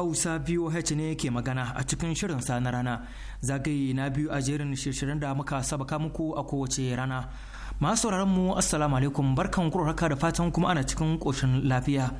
Hausa VOH ne ke magana a cikin shirin sa na rana zagaye na biyu a jerin shirshirin da muka sabaka muku a kowace rana. Masu mu Assalamu alaikum barkan haka da fatan kuma ana cikin koshin lafiya.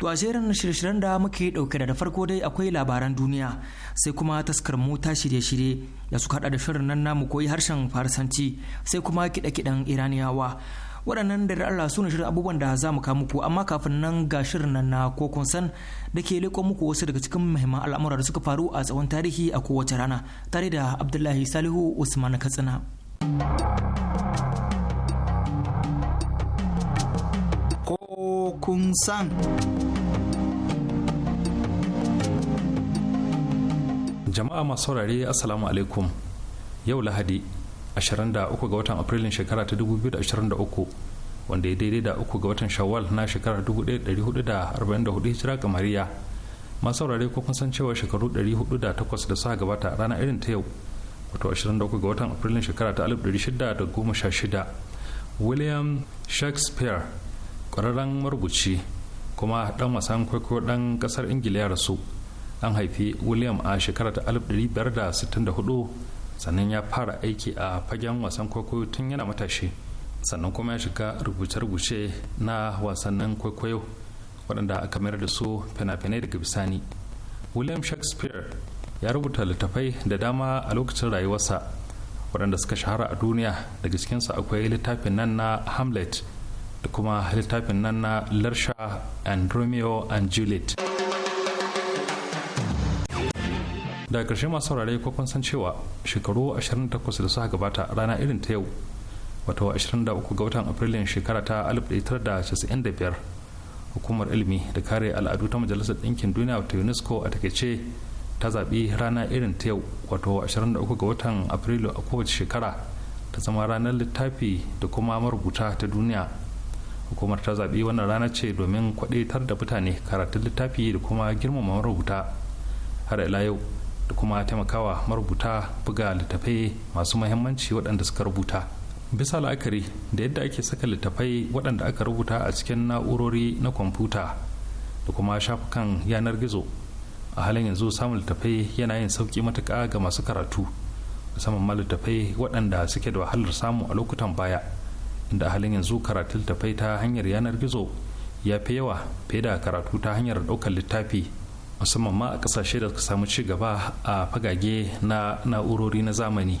To a jerin shirshirin da muke ɗauke da farko dai akwai labaran duniya sai kuma taskar mu ta shirye-shirye da suka haɗa da shirin nan namu koyi harshen Farsanci sai kuma kiɗe-kiɗen Iraniyawa. waɗannan da Allah su ne shirin abubuwan da za mu kawo muku amma kafin nan ga shirin nan na ko san da ke leƙo muku wasu daga cikin muhimman al'amura da suka faru a tsawon tarihi a kowace rana tare da Abdullahi Salihu Usman Katsina. Ko san. Jama'a masu saurare Assalamu alaikum yau Lahadi 23 ga watan afrilun shekara ta 2023 wanda ya daidai da uku ga watan shawwal na shekara 1444 hijira kamariya masu saurare ko kun san cewa shekaru 408 da suka gabata rana ranar irin ta yau wato 23 ga watan afrilun shekara ta 1616 william shakespeare kwararren marubuci kuma dan wasan kwaikwayo dan kasar ingila ya rasu an haifi william a shekara ta 1564 sannan ya fara aiki a fagen wasan kwaikwayo tun yana matashi sannan kuma ya shiga rubuce-rubuce na wasannin kwaikwayo waɗanda aka mayar da su fina-finai daga bisani william shakespeare ya rubuta littattafai da dama a lokacin rayuwarsa waɗanda suka shahara a duniya daga cikinsu akwai littafin nan na hamlet da kuma littafin nan na larsha and romeo and juliet daga ƙarshe masu saurare ko kun san cewa shekaru 28 da suka gabata rana irin ta yau wato 23 ga watan afrilun shekara ta 1995 hukumar ilimi da kare al'adu ta majalisar ɗinkin duniya wato unesco a takaice ta zaɓi rana irin ta yau wato 23 ga watan afrilu a kowace shekara ta zama ranar littafi da kuma marubuta ta duniya hukumar ta zaɓi wannan rana ce domin tar da mutane karatun littafi da kuma girmama marubuta har ila yau da kuma taimakawa marubuta buga littafai masu mahimmanci waɗanda suka rubuta bisa la'akari da yadda ake saka littafai waɗanda aka rubuta a cikin na'urori na kwamfuta da kuma shafukan yanar gizo a halin yanzu samun littafai yana yin sauƙi matuƙa ga masu karatu musamman ma littafai waɗanda suke da wahalar samu a lokutan baya inda a halin yanzu karatu littafai ta hanyar yanar gizo ya fi yawa fiye da karatu ta hanyar ɗaukar littafi musamman ma a kasashe da suka samu ci gaba a fagage na na'urori na zamani.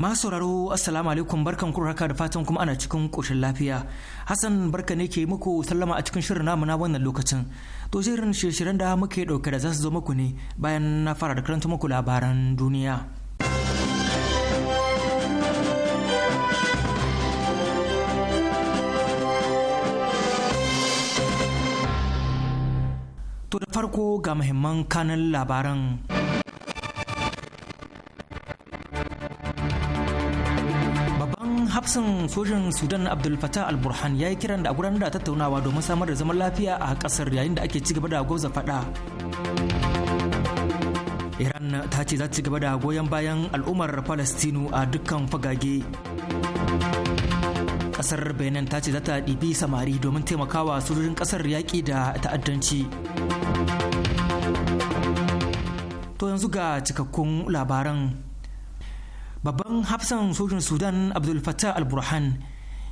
Masu sauraro Assalamu alaikum barkan ku haka da fatan kuma ana cikin koshin lafiya. Hassan barka ne ke muku sallama a cikin shirin namu na wannan lokacin. To shirin shirye-shiryen da muke ɗauke da za su zo muku ne bayan na fara da karanta muku labaran duniya. To da farko ga muhimman kanan labaran. hafsan sojan sudan abdul fatah al-burhan ya yi kiran da a gudanar da tattaunawa domin samar da zaman lafiya a kasar yayin da ake ci gaba da goza fada iran ta ce za ci gaba da goyon bayan al'ummar palestinu a dukkan fagage kasar benin ta ce za ta ɗibi samari domin taimakawa sojojin kasar yaƙi da ta'addanci to yanzu ga cikakkun labaran babban hafsan sojin sudan abdul fattah al-burhan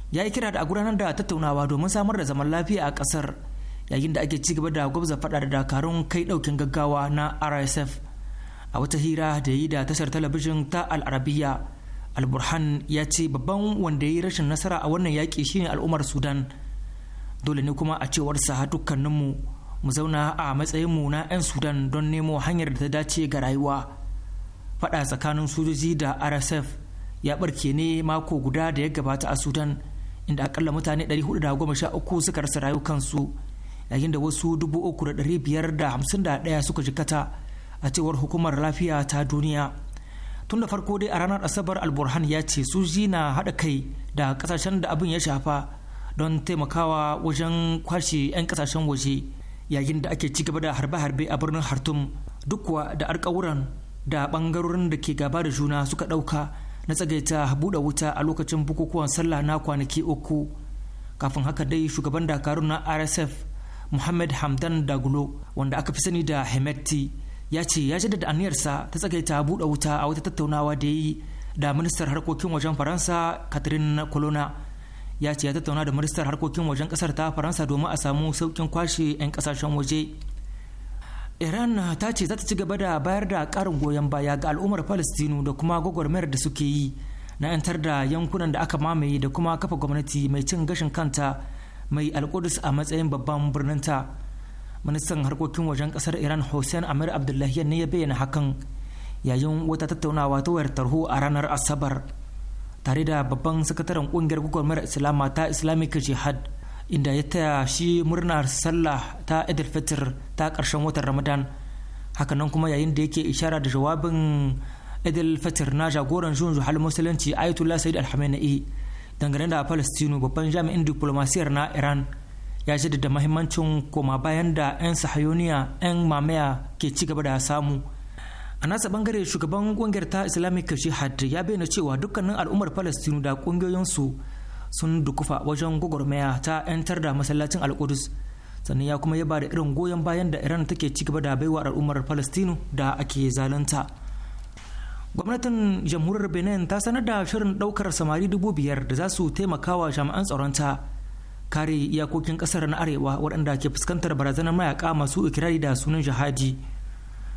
ya yi kira da a gudanar da tattaunawa domin samar da zaman lafiya a kasar yayin da ake ci gaba da gwabza fada da dakarun kai daukin gaggawa na rsf a wata hira da yi da tashar talabijin ta al-arabiya al-burhan ya ce babban wanda ya yi rashin nasara a wannan yaƙi shine al'ummar sudan dole ne kuma a cewarsa dukkaninmu mu zauna a matsayinmu na 'yan sudan don nemo hanyar da ta dace ga rayuwa fada tsakanin sojoji da rsf ya barke ne mako guda da ya gabata a sudan inda akalla mutane 413 suka rasa rayukansu yayin da wasu 3,551 suka jikata a cewar hukumar lafiya ta duniya tun da farko dai a ranar asabar alburhan ya ce sojoji na haɗa kai da kasashen da abin ya shafa don taimakawa wajen kwashe 'yan kasashen waje yayin da ake ci gaba da harbe-harbe a birnin hartum duk kuwa da alkawuran da bangarorin da ke gaba da juna suka ɗauka na tsagaita buɗe wuta a lokacin bukukuwan sallah na kwanaki uku kafin haka dai shugaban dakarun na rsf muhammad hamdan dagulo wanda aka fi sani da hemeti ya ce ya jaddada aniyarsa ta tsagaita buɗe wuta a wata tattaunawa da ya yi da ministar harkokin wajen faransa catherine colonna ya ce ya tattauna da ministar harkokin wajen kasar ta faransa domin a samu saukin kwashe 'yan kasashen waje iran ta ce za ta ci gaba da bayar da karin goyon baya ga al'ummar palestinu da kuma gwagwarmayar da suke yi na 'yantar da yankunan da aka mamaye da kuma kafa gwamnati mai cin gashin kanta mai alkudus a matsayin babban birninta ministan harkokin wajen kasar iran hussein amir abdullahi ne ya bayyana hakan yayin wata tattaunawa ta wayar tarho a ranar asabar tare da babban sakataren kungiyar gwagwarmayar islama ta islamic jihad inda ya taya shi murnar sallah ta idil fitr ta ƙarshen watan ramadan hakanan kuma yayin da yake ishara da jawabin idil fitr na jagoran juyin juhal musulunci ayatollah sayyid alhamenei dangane da palestino babban jami'in diplomasiyar na iran ya jaddada mahimmancin koma bayan da 'yan sahayoniya 'yan mamaya ke ci gaba da samu a nasa bangare shugaban kungiyar ta islamic jihad ya bayyana cewa dukkanin al'ummar palestino da kungiyoyinsu sun dukufa wajen gwagwarmaya ta 'yantar da masallacin alkudus sannan ya kuma ya ba da irin goyon bayan da iran take ci gaba da baiwa al'ummar palestinu da ake zalunta gwamnatin jamhuriyar benin ta sanar da shirin daukar samari dubu biyar da za su taimaka wa jami'an tsaronta kare iyakokin kasar na arewa waɗanda ke fuskantar barazanar mayaka masu ikirari da sunan jihadi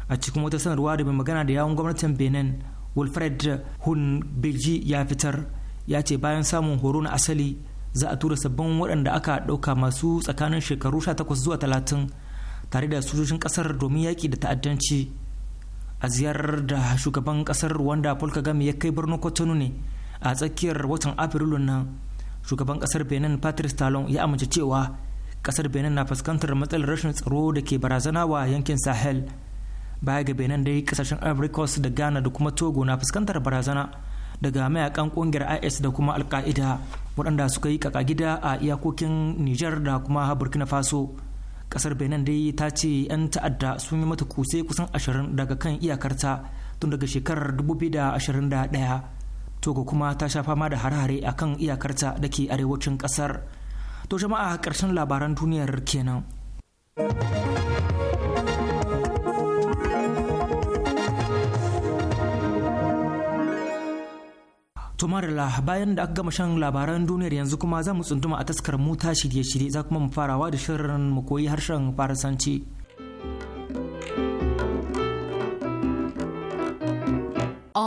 a cikin wata sanarwa da mai magana da yawun gwamnatin benin wilfred hunbeji ya fitar ya ce bayan samun horo na asali za a tura sabbin waɗanda aka ɗauka masu tsakanin shekaru 18 zuwa 30 tare da sojojin ƙasar domin yaƙi da ta'addanci a ziyarar da shugaban ƙasar wanda paul kagame ya kai birnin kotonu ne a tsakiyar watan afrilu nan shugaban ƙasar benin patrice talon ya amince cewa ƙasar benin na fuskantar matsalar rashin tsaro da ke barazana wa yankin sahel baya ga benin dai ƙasashen ivory da ghana da kuma togo na fuskantar barazana daga mayakan kungiyar is da kuma alka'ida waɗanda suka yi kaka gida a iyakokin niger da kuma burkina faso kasar benin dai ta ce 'yan ta'adda sun yi mata kuse kusan ashirin daga kan iyakarta tun daga shekarar 2021 to kuma ta sha fama da harare a kan iyakarta da ke arewacin kasar to jama'a ƙarshen labaran duniyar kenan To Marila bayan da aka gama shan labaran duniyar yanzu kuma za mu tsunduma a taskar mu ta shirye-shirye za kuma mu farawa da shirin mu koyi harshen farasanci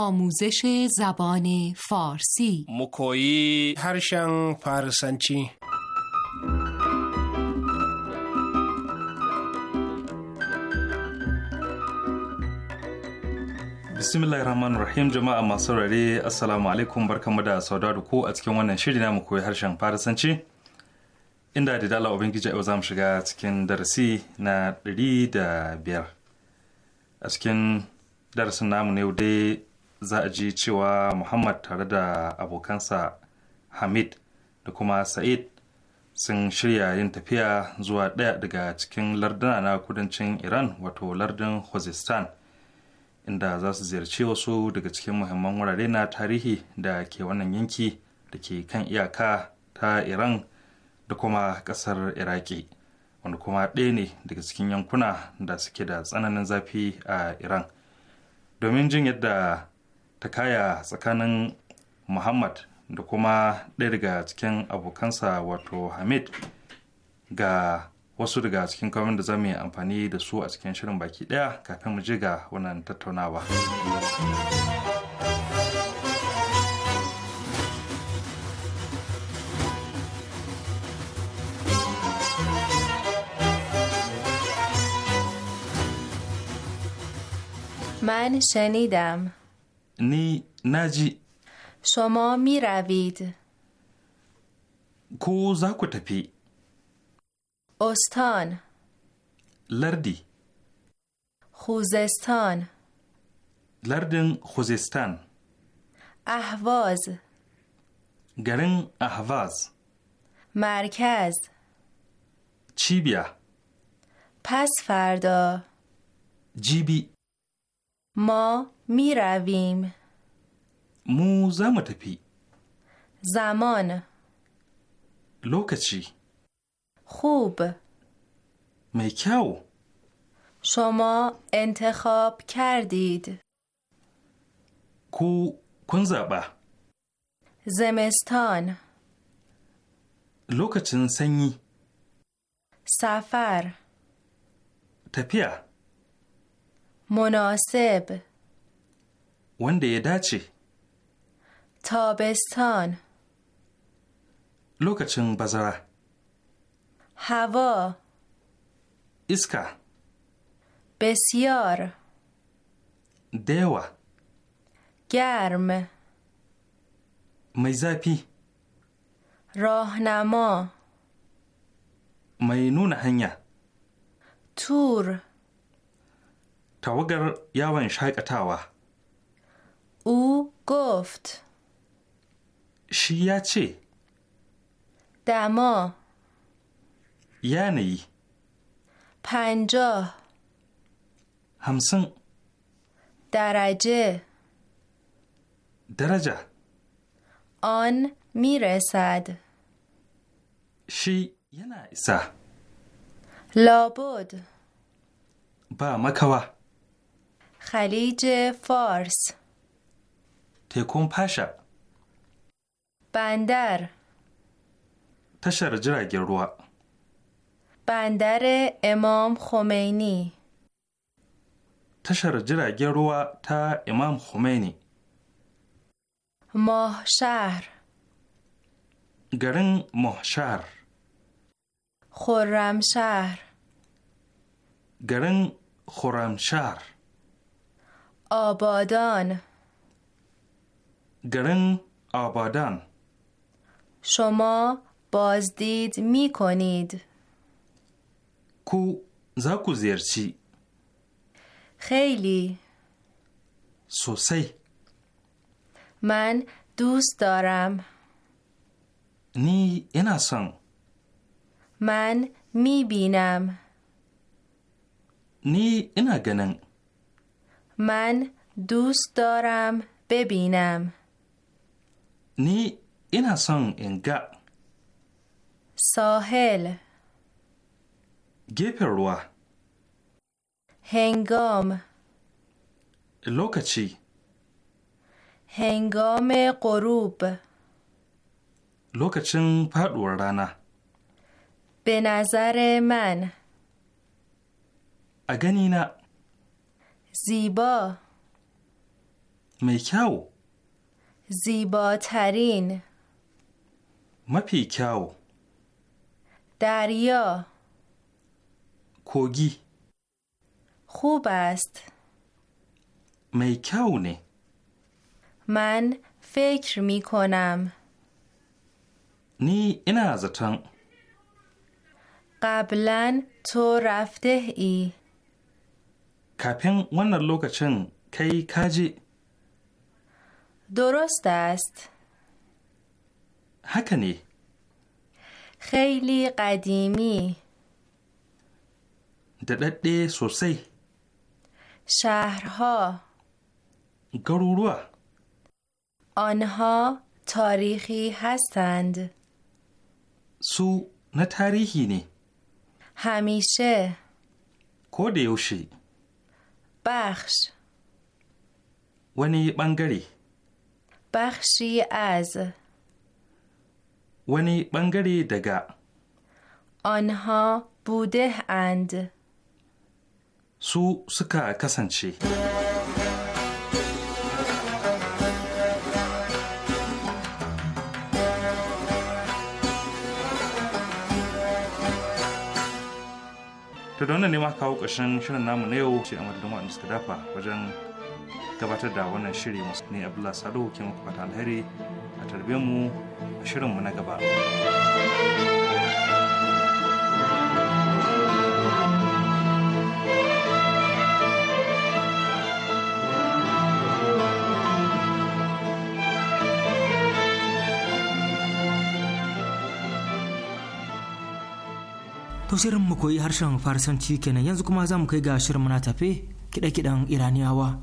آموزش زبان فارسی مکویی هرشن فارسنچی bismillahir rahim jama'a masu rare assalamu alaikum barkamu da sauda da ku a cikin wannan shiri na mu koyi harshen farisanci inda da dala ubangiji yau za mu shiga cikin darasi na ɗari da biyar a cikin darasin namu ne dai za a ji cewa muhammad tare da abokansa hamid da kuma sa'id sun shirya yin tafiya zuwa ɗaya daga cikin larduna na kudancin iran wato lardin khuzestan inda za su ziyarci wasu daga cikin muhimman wurare na tarihi da ke wannan yanki da ke kan iyaka ta iran da kuma kasar iraki wanda kuma ɗaya ne daga cikin yankuna da suke da tsananin zafi a iran domin jin yadda ta kaya tsakanin muhammad da kuma ɗaya daga cikin abokansa wato hamid ga wasu daga cikin kawai da za mu yi amfani da su a cikin shirin baki ɗaya kafin mu ji ga wannan tattaunawa. من شنیدم نی نجی شما می روید کو زاکو تپی استان لردی خوزستان لردن خوزستان اهواز گرن احواز مرکز چیبیا پس فردا جیبی ما می رویم مو پی زمان لوکچی خوب میکو شما انتخاب کردید کو کنزبا زمستان لوکچن سنی سفر تپیا مناسب ونده ی تابستان لوکچن بزره هوا اسکا بسیار دیوا گرم میزاپی راهنما مینون هنیا تور تاوگر شایق اتاوا او گفت شیا چی دما یعنی پنجاه همسن درجه درجه آن میرسد شی یه نایسه لابد با مکوا خلیج فارس تکون پاشا بندر تشر جراغ روا بندر امام خمینی تشر جرگه روا تا امام خمینی ماه شهر گرن ماه شهر خورم شهر گرن خورم شهر آبادان گرن آبادان شما بازدید می کنید ku za ku ziyarci? Khaili. Sosai. Man daram. Ni ina son. Man mibinam. Ni ina ganin. Man daram bebinam. Ni ina son in ga. Sahel. So گپر هنگام لوکچی هنگام غروب لوکچن پادور به نظر من اگنی نه زیبا میکاو زیباترین مپیکاو دریا کوگی خوب است میکونه من فکر می کنم نی این از قبلا تو رفته ای کپین ون لوکچن کی کاجی درست است هکنی خیلی قدیمی سو sosai شهرها گرورو آنها تاریخی هستند سو نه تاریخی نی همیشه کودیوشی بخش ونی بنگری بخشی از ونی بنگری دگا آنها بوده اند su suka kasance. ta da wannan ne ma kawo ƙarshen shirin namu na yau ce a madadin waɗanda suka dafa wajen gabatar da wannan shiri masu ne bula Sadu ke muku fata alheri a tarbe mu shirinmu na gaba. To shirin mu koyi harshen Farsanci kenan yanzu kuma za mu kai ga shirin muna tafe kiɗe-kiɗen Iraniyawa.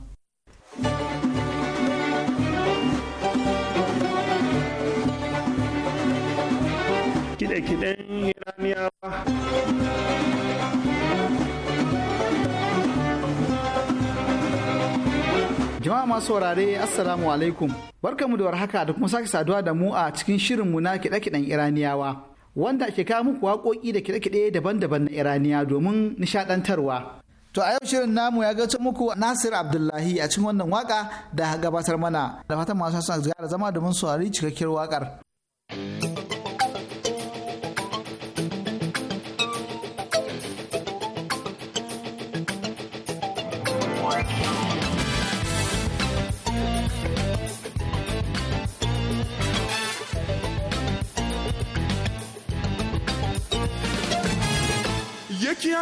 Jama'a masu saurare Assalamu alaikum. Barkamu da warhaka da kuma sake saduwa da mu a cikin shirinmu na kiɗe-kiɗen Iraniyawa. wanda ke kawo muku waƙoƙi da kiɗe-kiɗe daban-daban na iraniya domin nishaɗantarwa to a yau shirin namu ya gato muku nasir abdullahi a cikin wannan waƙa da gabatar mana da fatan masu son gara zama domin saurari cikakkiyar waƙar.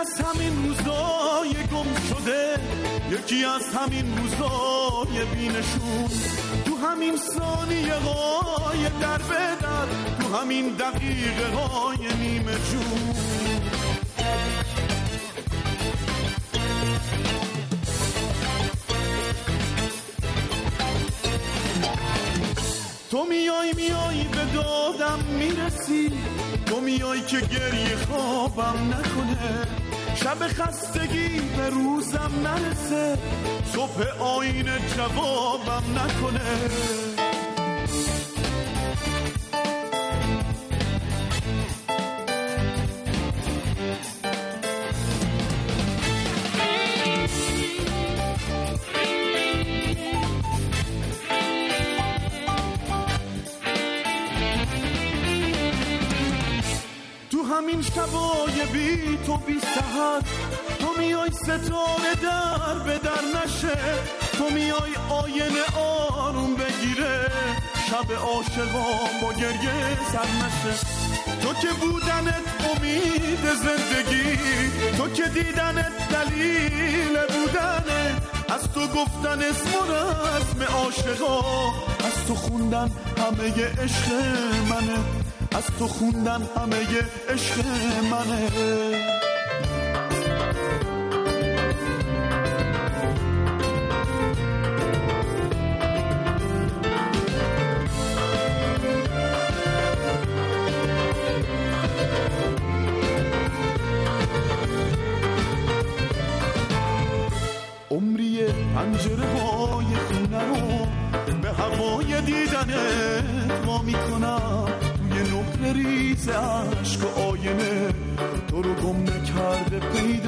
از همین روزای گم شده یکی از همین روزای بینشون تو همین ثانیه های در بدر تو همین دقیقه های نیمه جون تو میای میای به دادم میرسی تو میای که گریه خوابم نکنه شب خستگی به روزم نرسه صبح آینه جوابم نکنه همین شبای بی تو بی سهر تو میای ستاره در به در نشه تو میای آینه آروم بگیره شب عاشقان با گریه سر نشه تو که بودنت امید زندگی تو که دیدنت دلیل بودنه از تو گفتن اسم و رسم عاشقا از تو خوندن همه عشق منه از تو خوندن همه عشق منه ریز عشق و آینه تو رو گم نکرده پیدا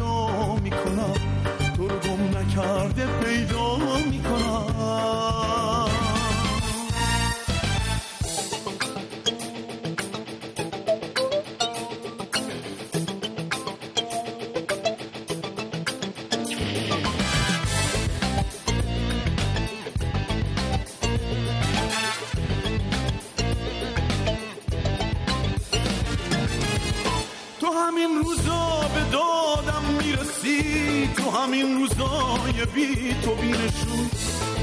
تو همین روزای بی تو بینشون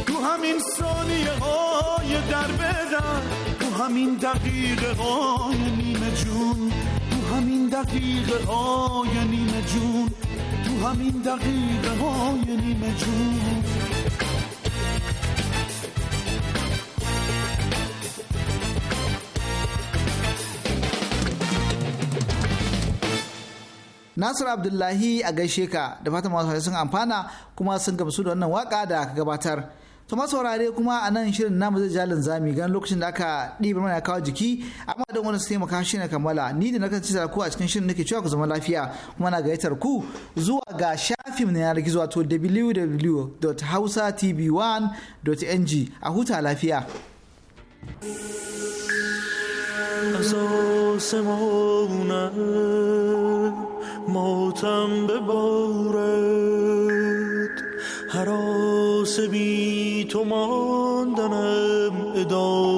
تو همین ثانیه های در بدن تو همین دقیقه های نیمه جون تو همین دقیقه های نیمه جون تو همین دقیقه های نیمه جون Nasir Abdullahi a gaishe ka da fatan masu sun amfana kuma sun gamsu da wannan waka da aka gabatar. To masu saurare kuma a nan shirin namu zai jalin zami gan lokacin da aka ɗibar mana kawo jiki amma don wani su taimaka shi na kammala ni da na nakan ci ku a cikin shirin nake cewa ku zama lafiya kuma na gayyatar ku zuwa ga shafin na yanar gizo wato www.hausatv1.ng a huta lafiya. از آسمانت ماتم ببارد هر آسه بی تو ماندنم ادامه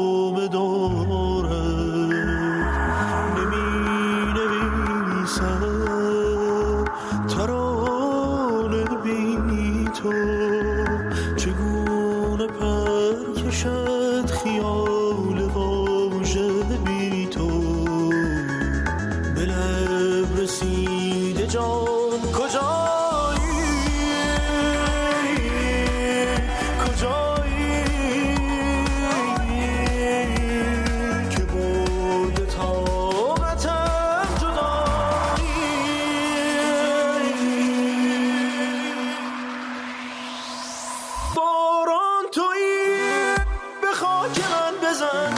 Killer and business.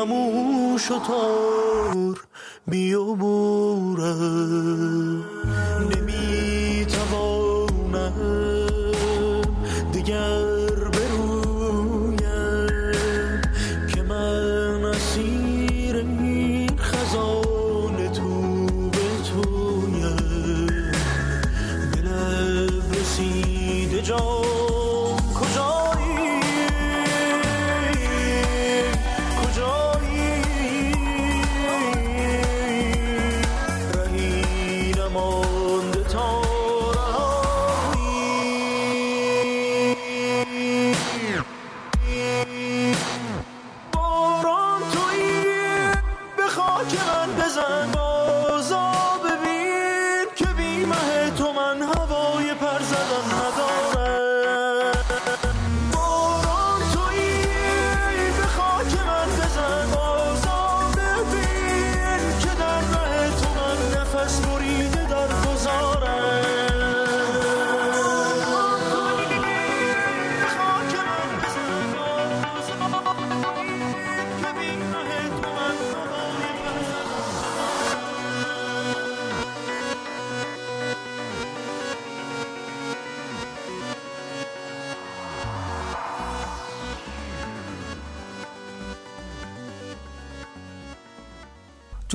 خموش و تار بیاورد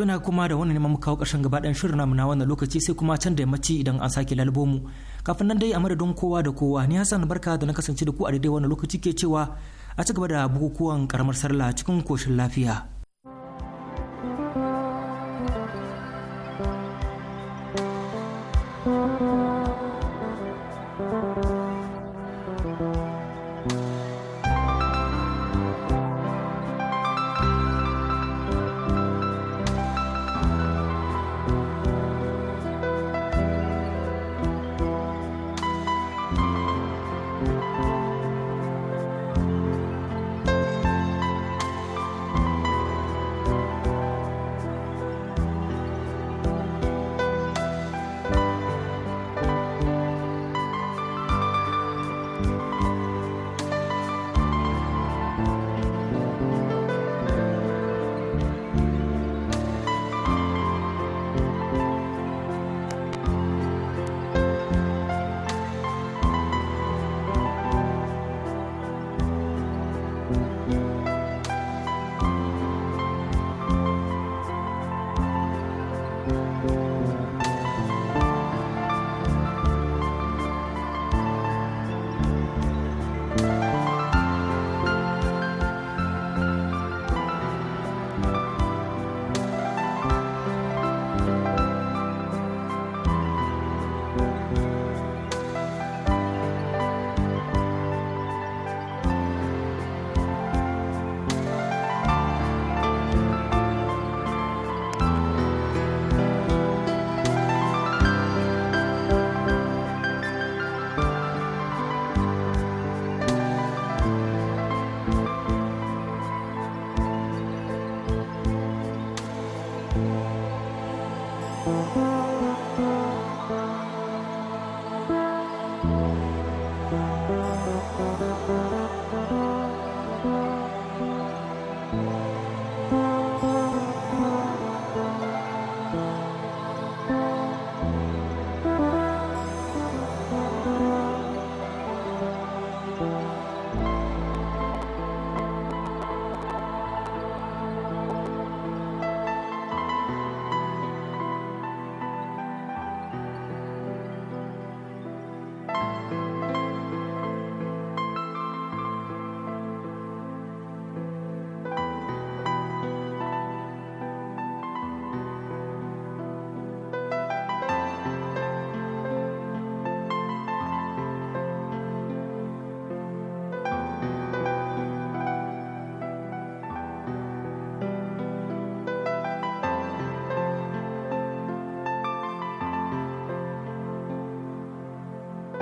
suna kuma da wani neman kawo ƙarshen gaba shirin namu na wannan lokaci sai kuma can da yammaci idan an sake lalbo mu kafin nan dai a madadin kowa da kowa ni Hassan barka da na kasance da ku a daidai wannan lokaci ke cewa a ci gaba da bukukuwan karamar sallah cikin koshin lafiya. thank you